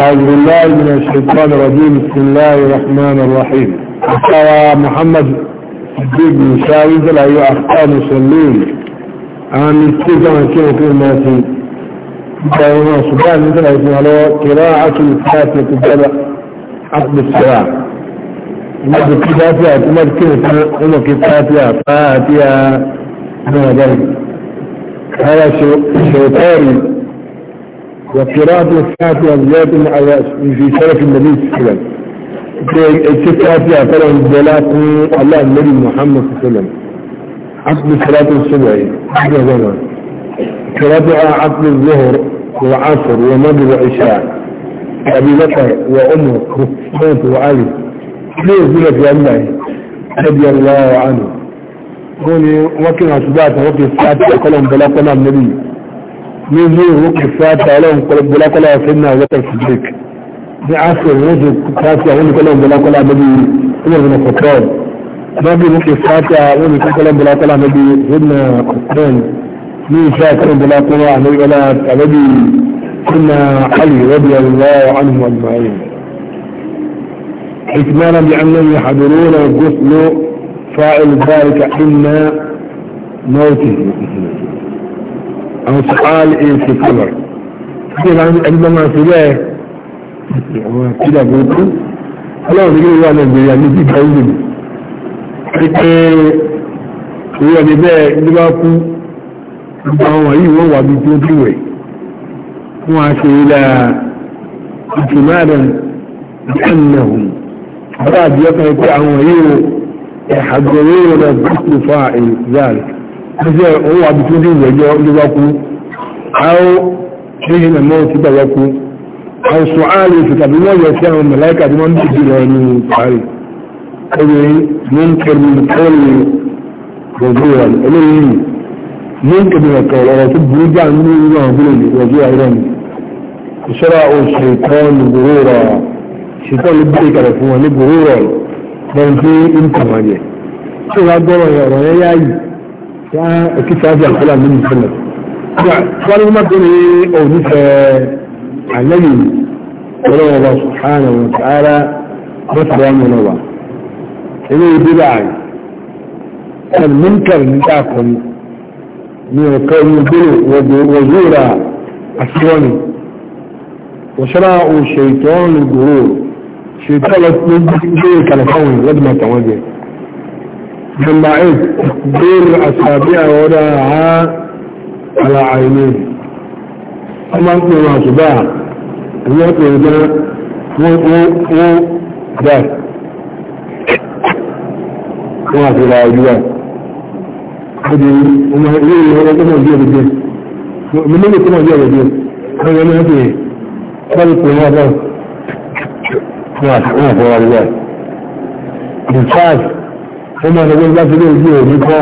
أعوذ بالله من الشيطان الرجيم بسم الله الرحمن الرحيم أخوى محمد الدين بن شاهد لا يؤخطى مسلمين عن السجن كيف الماتي كانوا سبحانه وتعالى يقول قراءة الفاتحة قبل عقد السلام مد الفاتحة مد كيف أمك الفاتحة فاتحة هذا شيطاني وقراءة الفاتحة زيادة على في شرف النبي صلى الله عليه وسلم الفاتحة طبعا الدلالات الله النبي محمد صلى الله عليه وسلم عقد صلاة الصبح عقد زمان قراءة عقد الظهر وعصر ومغرب وعشاء أبي بكر وعمر وعثمان وعلي ليه يقول يا الله رضي الله عنه قولي وكن أسباب وكن الساعة قلهم بلا قلم النبي من ذي وقف فاتح لهم قلب لا قلع سنة وذكر صديق بعصر رجل فاتح لهم قلب لا قلع مبي عمر بن الخطاب ما بي وقف فاتح لهم قلب لا قلع مبي سنة قطان من شاء قلب لا قلع مبي ولا تبدي سنة علي رضي الله عنه أجمعين حكمانا بأنهم يحضرون قسم فائل ذلك إن موته أو سؤال إيه في قبر كيف عندما سلاه كلا بوكو فلا يقول وانا بياني في قولي ìwé ẹni bẹ́ẹ̀ nígbà kú nígbà wọn yìí wọ́n wà bí tí ó díwẹ̀ wọ́n a ṣe ilẹ̀ ìtìmáàdàn ẹ̀nàhùn ọ̀rọ̀ àbíọ́kàn pé àwọn yìí ẹ̀hàgbẹ̀rẹ̀ rẹ̀ bùkù fa ìzáàlì ẹgbẹ́ owó àbí tó dín ìwẹ̀jọ́ lówá kú àwọn ṣíyí mẹ́mọ́ ti gbàgbọ́ kú àwọn sọ ààrẹ ètò tàbí wọ́n yọ sí àwọn mẹ̀láìkà tí wọ́n ń dìbò lọ ní parí ẹgbẹ́ ní ń kẹrin kọ́ọ̀lù rọ̀gbọ́ wa eléyìí ní ń kẹrin ọ̀tọ̀ ọ̀rọ̀ tó burú jà ní ìlú àwọn gbọ́dọ̀ ní rọ̀gbọ́ وكيف هذه الكلام من محمد قالوا ما بني او نفى علمي ولو الله سبحانه وتعالى نفر عنه نوع إنه بدعي المنكر نتاكم من القوم البلو وزورة السواني وشراء الشيطان الغرور شيطان يجيك على قومي لدما تواجه جماعيد بين الأصابع وراءها على عينين أما أنت واجباء الوقت هنا هو هو ذات ما في العيوان هذه وما هي هذا كما جاء بالدين من من كما جاء بالدين هذا ما هذه خلق هذا ما ما في العيوان الإنسان ó máa lọ gbẹ́gbẹ́ sílé ojú òní kọ́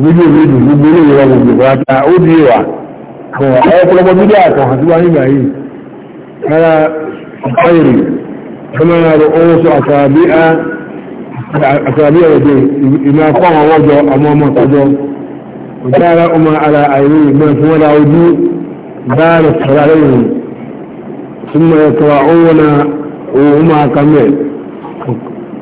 gbígbé ìlú ìdù gbogbo ilé ìwà gbogbo ìwàta ó di ìwà kọ̀ ọ̀pọ̀lọpọ̀ bídí àkọ̀hàn tí wọ́n nígbà yìí rárá ìkáyèrè tó máa rọ owó sọ àtàbí ọ̀dẹ̀ ìmọ̀ akọ́ àwọn ọjọ́ àmọ́ ọmọ ọjọ́ ìdára ọmọ ara àìrí ìmọ̀ tí wọ́n ojú bá sọ̀rọ̀ lẹ́yìn ثم يتبعون وهما كمل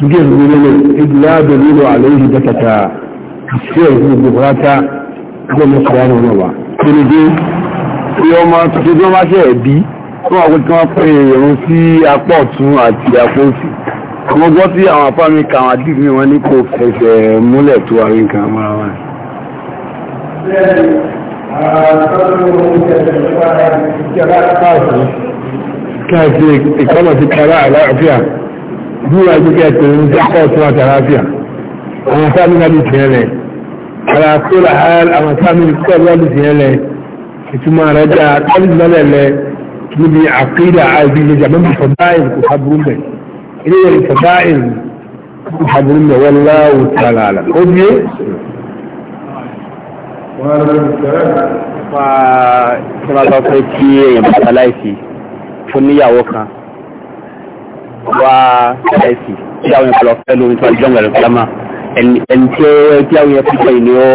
gígé ìrìnlẹ̀ ìgbìláàbẹ̀ nílò àlẹ́yìn dákàtà sí ẹ̀sìn ìgbìbúrátá gbọ́mọ̀ sọ́wọ́n náà wà kí ni dé tí wọ́n máa tuntun tí wọ́n máa ṣe ẹ̀bí tí wọ́n àpótí wọ́n pè ìrún sí apá ọ̀tún àti apá òsì àwọn gbọ́ tí àwọn apá mi ìkọlọ̀ ti kára àlàáfíà dúró ẹgbẹ́ ẹ̀tọ́ ní jákọ́ tó àti àlàáfíà àwọn sáàmì náà di tiẹ̀ lẹ̀ àlàáfíà àwọn sáàmì tó àti àlàáfíà tiẹ̀ lẹ̀ ìtumọ̀ rẹ̀ dá kọ́lìsì náà lẹ̀ níbi àkídà àìbí ìjọba mẹ́bí fọ̀dáìl kò fàbùrù mẹ́ ilé sọ pé kí èèyàn bàtà láìsí fún níyàwó kan wá ẹ̀sì tí àwọn ẹ̀kọ́ lọ fẹ́ lórí tó ọjọ́ ìrìn kílámà ẹni tí ó tí àwọn ẹ̀kọ́ pọ̀ ìní ó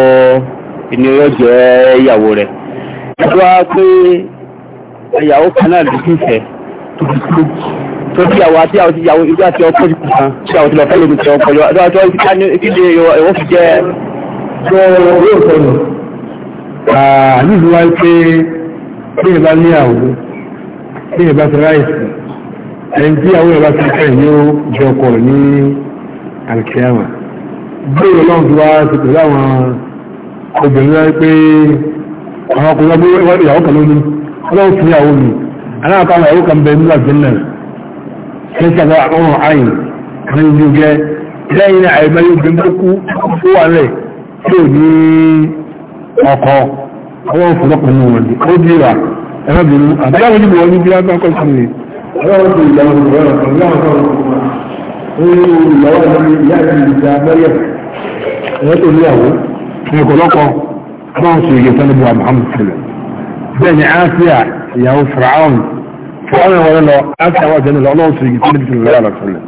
ìní ó jẹ́ ìyàwó rẹ̀. wọ́n wá pé ìyàwó kan náà lè fífẹ́ tó tí àwọn àti àwọn ìyàwó ìlú àti ọkọ̀ ti kù tí àwọn ti lọ fẹ́ lórí tó ọkọ̀ yọ àti àwọn ìkíkà ní ìkíkà ìwọ́ fi jẹ́ nígbà wáyé pé bí ìbá níyàwó bí ìbá ti ráìsì ẹni tí àwọn ìyàwó ti kẹ́ yóò jọ ọkọ rẹ̀ ní alkiyama bóyá lọ́n ti wá sí pẹ̀lú àwọn obìnrin rẹ̀ pé àwọn ọkùnrin ọgbẹ́ wọ́n ìyàwó kan lónìí ọlọ́run fi ìyàwó mi aláàkọ́ àwọn ìyàwó kan bẹ nínú àjẹ́nà kẹsà bá àwọn àyìn kan ní ojú jẹ lẹ́yìn náà àìmọ́ yóò gbé mẹ́kú ó wà rẹ̀ tí ní ọkọ̀ ọwọ́ òfurufú nínú wọn ó dìrà ẹ̀rọ bìnrin àbẹ́yàwó níbi wọn ní bí wọn bá kọ́ sí ọlọ́run ti ìyàwó ìyàwó ìyàwó ìyàwó ìyàwó ìyàwó ìyàwó ìyàwó ẹ̀yẹ́ tó níyàwó ní ọ̀pọ̀lọpọ̀ máa ń ṣe ìgbé sọ́nà buwa sílẹ̀ bẹ́ẹ̀ ni áfíà ìyàwó fìràún fọ́ọ̀rọ̀ wọlé lọ áfíà wà jẹ́nu ọlọ́run ṣe ìgbé sọ́nà buwa lọ sílẹ̀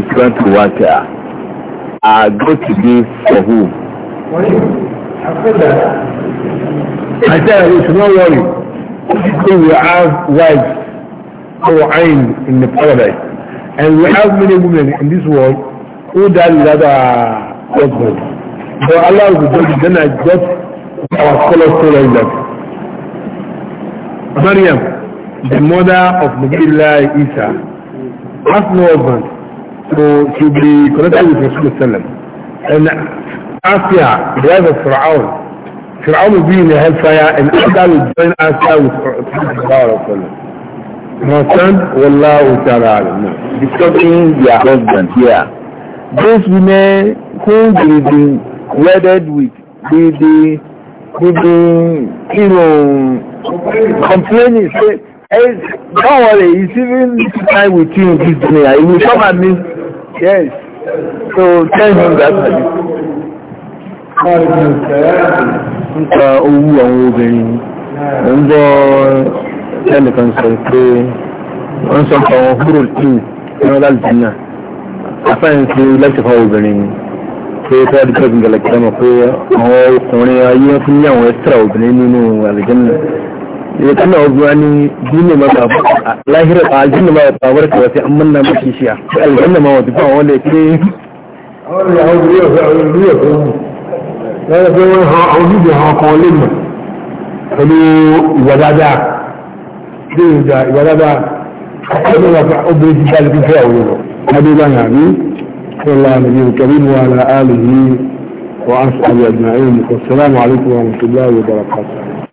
is going to work here are going to be for who I tell you, it's no worry. Because we have wives who are in in the paradise. And we have many women in this world who die without a husband. So Allah will judge then I got our scholars told us that. Maryam, the mother of Nabiullah Isa, has no husband. So she'll be connected with Rasulullah and Asia, the wife of Fir'aun. Fir'aun will be in the hellfire and Allah will join Asia with the power of Allah. Understand? Wallahu ta'ala alam. Discussing their husband here. Those women who they been wedded with, they, the, they the you know, complaining, say, hey, don't worry, he's even time with you this day. He will come and meet. Yes. So tell him that nípa owó àwọn obìnrin mo ń gbọ́ ẹnìkan sọ pé wọ́n sọ pé àwọn húrò tù ní ọ̀dà ìjìnà afẹ́yìn sí lẹ́sẹ̀ fún obìnrin ni pé fẹ́ẹ́dì tó gbìngàlẹ̀ kí lọ́mọ pé àwọn ọkùnrin ayé fún ní àwọn ẹ́sítà obìnrin nínú àlùjẹ́nà ya kana wazuwa ne dine maka lahirar a aljanna ma ta barka wasu an manna maka a aljanna lọ́wọ́ pé wọ́n han àwọn ojúde han kan lè mọ̀ pẹ̀lú ìwà dáadáa bí ìjà ìwà dáadáa ọjọ́ ìwà obìnrin ti dáa lókè fẹ́ àwọn ọ̀rọ̀ adé bá yà ní sọlá nàbí kẹrin wà lá àlè yìí wọ́n á sọ àwọn ẹ̀dùn àìyàn mùkọ̀ sọlá màálùkù wa mùsùlùmí wa bàrà pàtàkì